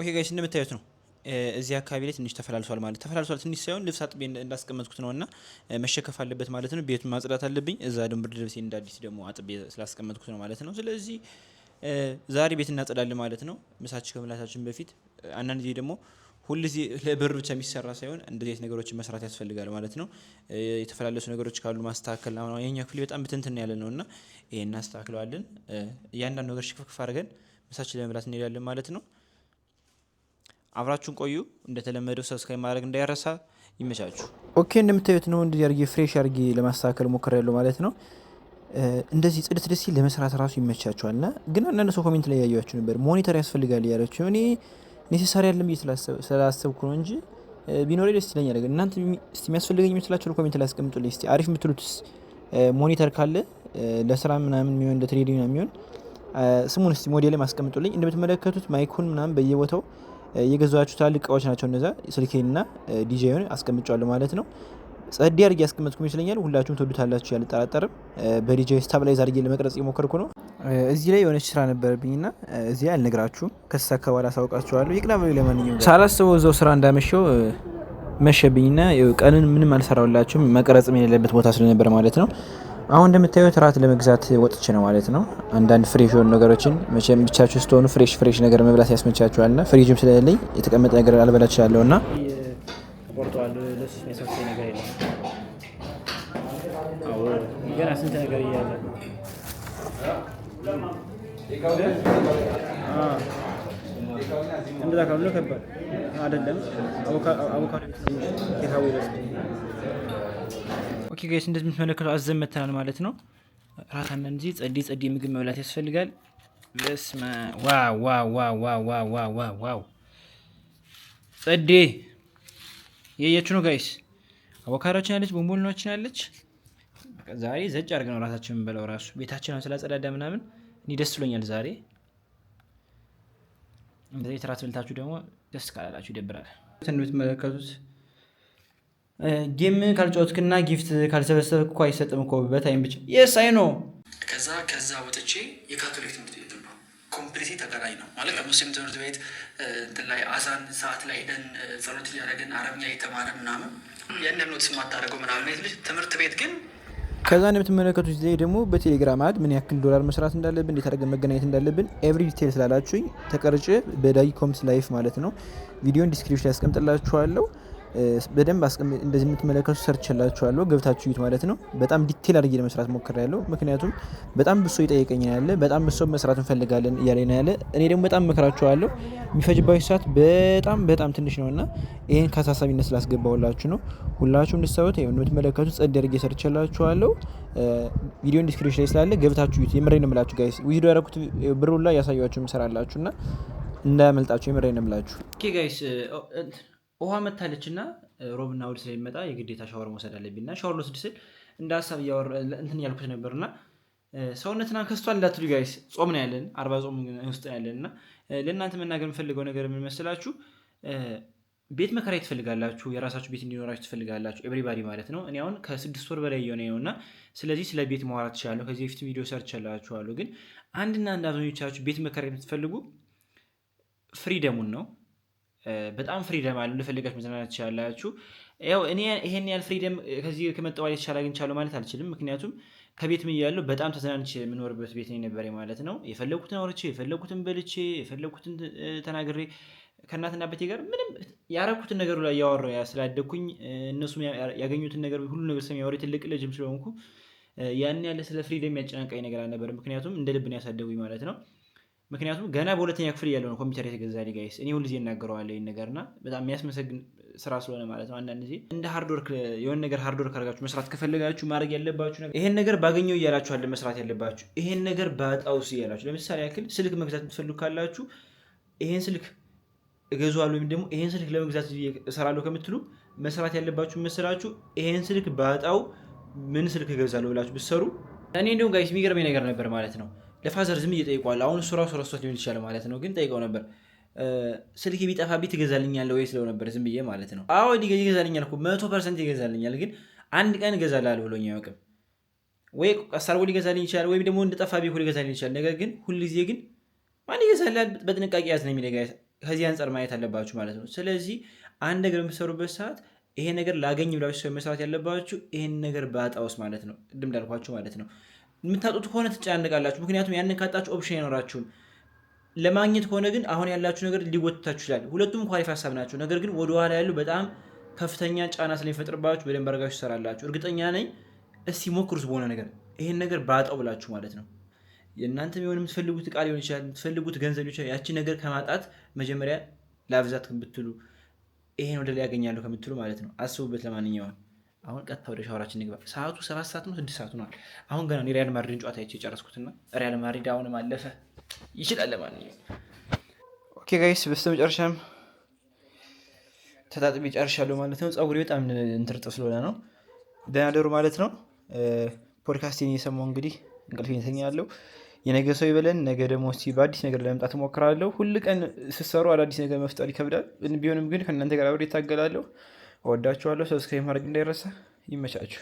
ኦኬ ጋይስ እንደምታዩት ነው እዚህ አካባቢ ላይ ትንሽ ተፈላልሷል ማለት ተፈላልሷል ትንሽ ሳይሆን ልብስ አጥቤ እንዳስቀመጥኩት ነው እና መሸከፍ አለበት ማለት ነው። ቤቱን ማጽዳት አለብኝ። እዛ ደግሞ ብርድ ልብሴ እንደ አዲስ ደግሞ አጥቤ ስላስቀመጥኩት ነው ማለት ነው። ስለዚህ ዛሬ ቤት እናጸዳለን ማለት ነው። ምሳች ከመብላታችን በፊት አንዳንድ ጊዜ ደግሞ ሁልጊዜ ለብር ብቻ የሚሰራ ሳይሆን እንደዚህ ነገሮችን መስራት ያስፈልጋል ማለት ነው። የተፈላለሱ ነገሮች ካሉ ማስተካከል የኛ ክፍል በጣም ብትንትን ያለ ነው እና ይሄ እናስተካክለዋለን። እያንዳንድ ነገር ሽክፍክፍ አድርገን ምሳችን ለመብላት እንሄዳለን ማለት ነው። አብራችሁን ቆዩ። እንደተለመደው ሰብስክራይብ ማድረግ እንዳይረሳ። ይመቻችሁ። ኦኬ እንደምታዩት ነው እንደዚህ አድርጌ ፍሬሽ አድርጌ ለማስተካከል ያለው ማለት ነው። እንደዚህ ጽድት ደስ ሲል ለመስራት ራሱ ይመቻቸዋል። ና ግን አንዳንድ ሰው ኮሜንት ላይ ያያቸው ነበር ሞኒተር ያስፈልጋል እያለችው እኔ ኔሴሳሪ ያለም ብዬ ስላሰብኩ ነው እንጂ ቢኖሬ ደስ ይለኛል። ግን እናንተ ስ የሚያስፈልገኝ የምትላቸው ኮሜንት ላይ አስቀምጡልኝ ስ አሪፍ የምትሉትስ ሞኒተር ካለ ለስራ ምናምን የሚሆን ለትሬዲንግ የሚሆን ስሙን እስቲ ሞዴልም ማስቀምጡልኝ። እንደምትመለከቱት ማይኩን ምናምን በየቦታው የገዛችሁ ትላልቅ እቃዎች ናቸው። እነዛ ስልኬንና ዲጄውን አስቀምጫዋለሁ ማለት ነው። ጸዲ አድርጌ ያስቀመጥኩ ይመስለኛል። ሁላችሁም ትወዱታላችሁ ያልጠራጠርም። በዲጄ ስታብላይዝ አድርጌ ለመቅረጽ የሞከርኩ ነው። እዚህ ላይ የሆነች ስራ ነበረብኝና እዚህ አልነግራችሁም። ከሳ በኋላ አሳውቃችኋለሁ። ይቅና ለማንኛውም ሳላስበው እዛው ስራ እንዳመሸው መሸብኝና ቀንን ምንም አልሰራውላችሁም። መቅረጽ የሌለበት ቦታ ስለነበር ማለት ነው። አሁን እንደምታዩት እራት ለመግዛት ወጥቼ ነው ማለት ነው። አንዳንድ ፍሬሽ የሆኑ ነገሮችን መቼም ብቻችሁ ስትሆኑ ፍሬሽ ፍሬሽ ነገር መብላት ያስመቻችኋል። ና ፍሪጅም ስለሌለኝ የተቀመጠ ነገር አልበላ እችላለሁ። ና እንደዛ ከባድ አይደለም። ኦኬ ጋይስ እንደዚህ አዘመተናል ማለት ነው። ራት እንጂ ጸዲ ጸዲ ምግብ መብላት ያስፈልጋል። በስመ ዋው ዋው ዋው ጸዴ የየች ነው ጋይስ። አቮካዳችን አለች፣ ቦምቦልናችን አለች። ዛሬ ዘጭ አድርገ ነው ራሳችን የምንበላው። ራሱ ቤታችን ስላጸዳዳ ምናምን እኔ ደስ ብሎኛል ዛሬ። እንደዚህ ራት ብልታችሁ ደግሞ ደስ ካላላችሁ ይደብራል። የምትመለከቱት ጌም ካልጫወትክና ጊፍት ካልሰበሰብክ እኮ አይሰጥም እኮ በታይም ብቻ። የስ አይ ነው። ከዛ ከዛ ወጥቼ የካቶሊክ ትምህርት ቤት ነው። ኮምፕሊት ተቀራኝ ነው ማለት ከሙስሊም ትምህርት ቤት ላይ አዛን ሰዓት ላይ ደን ጸሎት እያደረግን አረብኛ የተማረ ምናምን ያን ኖት ማታደረገው ምናምን ልጅ ትምህርት ቤት ግን ከዛ የምትመለከቱት ጊዜ ደግሞ በቴሌግራም አድ ምን ያክል ዶላር መስራት እንዳለብን እንዴት አድርገን መገናኘት እንዳለብን ኤቭሪ ዲቴል ስላላችሁኝ ተቀርጬ በዳጊ ኮምስ ላይፍ ማለት ነው ቪዲዮን ዲስክሪፕሽን ያስቀምጥላችኋለሁ። በደንብ እንደዚህ የምትመለከቱ ሰርች ላችኋለሁ ገብታችሁ ዩት ማለት ነው። በጣም ዲቴል አድርጌ ለመስራት ሞክር ያለው ምክንያቱም በጣም ብሶ ይጠየቀኝ ያለ በጣም ብሶ መስራት እንፈልጋለን እያለ ነው ያለ። እኔ ደግሞ በጣም መክራችኋለሁ። የሚፈጅባችሁ ሰዓት በጣም በጣም ትንሽ ነው እና ይህን ከአሳሳቢነት ስላስገባሁላችሁ ነው። ሁላችሁ እንድትሰሩት የምትመለከቱ ጸድ አድርጌ ሰርች ላችኋለሁ። ቪዲዮ ዲስክሪፕሽን ላይ ስላለ ገብታችሁ ዩት። የምሬን ነው የምላችሁ ጋይስ ዊዲዮ ያደረኩት ብሩላ ያሳያችሁ እሰራላችሁ እና እንዳያመልጣችሁ። የምሬን ነው የምላችሁ ኦኬ ጋይስ ውሃ መታለች እና ሮብና ውድ ስለሚመጣ የግዴታ ሻወር መውሰድ አለብኝ እና ሻወር ልወስድ ስል እንደ ሀሳብ እንትን ያልኩት ነበር እና ሰውነትን አንከስቷል እንዳትሉ ጋይስ፣ ጾም ነው ያለን፣ አርባ ጾም ውስጥ ነው ያለን እና ለእናንተ መናገር የምፈልገው ነገር የምንመስላችሁ ቤት መከራየት ትፈልጋላችሁ፣ የራሳችሁ ቤት እንዲኖራችሁ ትፈልጋላችሁ፣ ኤብሪባዲ ማለት ነው። እኔ አሁን ከስድስት ወር በላይ የሆነ ነው እና ስለዚህ ስለ ቤት ማውራት ትችላለሁ። ከዚህ በፊት ቪዲዮ ሰርቼላችኋለሁ። ግን አንድና አንድ አብዛኞቻችሁ ቤት መከራየት የምትፈልጉ ፍሪደሙን ነው በጣም ፍሪደም አለ። እንደፈለጋችሁ መዝናናት ትችላላችሁ። ያው እኔ ይሄን ያህል ፍሪደም ከዚህ ከመጠዋል የተሻለ አግኝቻለሁ ማለት አልችልም። ምክንያቱም ከቤት ምን ያለው በጣም ተዝናንች የምኖርበት ቤት ነበር ማለት ነው። የፈለጉትን አውርቼ፣ የፈለጉትን በልቼ፣ የፈለጉትን ተናግሬ ከእናትና በቴ ጋር ምንም ያረኩትን ነገሩ ላይ እያወራሁ ስላደግኩኝ እነሱም ያገኙትን ነገር ሁሉ ነገር ስለሚያወሩ ትልቅ ልጅም ስለሆንኩ ያን ያለ ስለ ፍሪደም ያጨናንቃኝ ነገር አልነበር ምክንያቱም እንደ ልብን ያሳደጉኝ ማለት ነው። ምክንያቱም ገና በሁለተኛ ክፍል እያለው ነው ኮምፒውተር የተገዛልኝ ጋይስ። እኔ ሁልጊዜ እናገረዋለሁ ይህን ነገር ና በጣም የሚያስመሰግን ስራ ስለሆነ ማለት ነው። አንዳንድ ጊዜ እንደ ሃርድወርክ የሆን ነገር ሃርድወርክ አድርጋችሁ መስራት ከፈለጋችሁ ማድረግ ያለባችሁ ነገር ይሄን ነገር ባገኘው እያላችኋለ መስራት ያለባችሁ ይሄን ነገር ባጣውስ እያላችሁ ለምሳሌ ያክል ስልክ መግዛት የምትፈልጉ ካላችሁ ይሄን ስልክ እገዛዋለሁ ወይም ደግሞ ይሄን ስልክ ለመግዛት እሰራለሁ ከምትሉ መስራት ያለባችሁ መሰላችሁ ይሄን ስልክ ባጣው ምን ስልክ እገዛለሁ ብላችሁ ብትሰሩ እኔ እንዲሁም ጋይስ የሚገርመኝ ነገር ነበር ማለት ነው ለፋዘር ዝም እየጠይቋል። አሁን እሱ ራሱ ረስቶት ሊሆን ይችላል ማለት ነው። ግን ጠይቀው ነበር ስልክ ቢጠፋብኝ ትገዛልኛለህ ወይ ስለው ነበር። ዝም ብዬ ማለት ነው። አዎ ይገዛልኛል እኮ መቶ ፐርሰንት ይገዛልኛል። ግን አንድ ቀን እገዛልሃል ብሎኝ አያውቅም። ወይ ቀሳርጎ ሊገዛልኝ ይችላል፣ ወይም ደግሞ እንደጠፋ እኮ ሊገዛልኝ ይችላል። ነገር ግን ሁልጊዜ ግን ማን ይገዛላል በጥንቃቄ ያዝ ነው የሚለጋ ከዚህ አንጻር ማየት አለባችሁ ማለት ነው። ስለዚህ አንድ ነገር በምትሰሩበት ሰዓት ይሄ ነገር ላገኝ ብላችሁ ሰው መስራት ያለባችሁ ይሄን ነገር ባጣውስ ማለት ነው፣ ቅድም እንዳልኳችሁ ማለት ነው። የምታጡት ከሆነ ትጨናነቃላችሁ። ምክንያቱም ያንን ካጣችሁ ኦፕሽን አይኖራችሁም። ለማግኘት ከሆነ ግን አሁን ያላችሁ ነገር ሊወትታችሁ ይችላል። ሁለቱም ኳሊፍ ሀሳብ ናቸው። ነገር ግን ወደኋላ ያሉ በጣም ከፍተኛ ጫና ስለሚፈጥርባችሁ በደንብ አድርጋችሁ ትሰራላችሁ። እርግጠኛ ነኝ። እስቲ ሞክሩት በሆነ ነገር ይሄን ነገር ባጣው ብላችሁ ማለት ነው። የእናንተ ቢሆን የምትፈልጉት እቃ ሊሆን ይችላል፣ የምትፈልጉት ገንዘብ ሊሆን ይችላል። ያቺ ነገር ከማጣት መጀመሪያ ላብዛት ብትሉ ይሄን ወደ ላይ ያገኛለሁ ከምትሉ ማለት ነው። አስቡበት። ለማንኛውም አሁን ቀጥታ ወደ ሻወራችን ንግባ። ሰዓቱ ሰባት ሰዓት ነው፣ ስድስት ሰዓት ሆኗል። አሁን ገና ሪያል ማድሪድን ጨዋታ አይቼ የጨረስኩትና ሪያል ማድሪድ አሁንም አለፈ ይችላል። ለማንኛውም ኦኬ ጋይስ፣ መጨረሻም ተጣጥቤ ጨርሻለሁ ማለት ነው። ፀጉሬ በጣም እንትርጥ ስለሆነ ነው። ደህና ደሩ ማለት ነው። ፖድካስቴን እየሰማሁ እንግዲህ እንቅልፍ እተኛለሁ። የነገ ሰው ይበለን። ነገ ደግሞ እስኪ በአዲስ ነገር ለመምጣት እሞክራለሁ። ሁል ቀን ስትሰሩ አዳዲስ ነገር መፍጠር ይከብዳል። ቢሆንም ግን ከእናንተ ጋር አብሬ እታገላለሁ። እወዳችኋለሁ። ሰብስክራይብ ማድረግ እንዳይረሳ። ይመቻችሁ።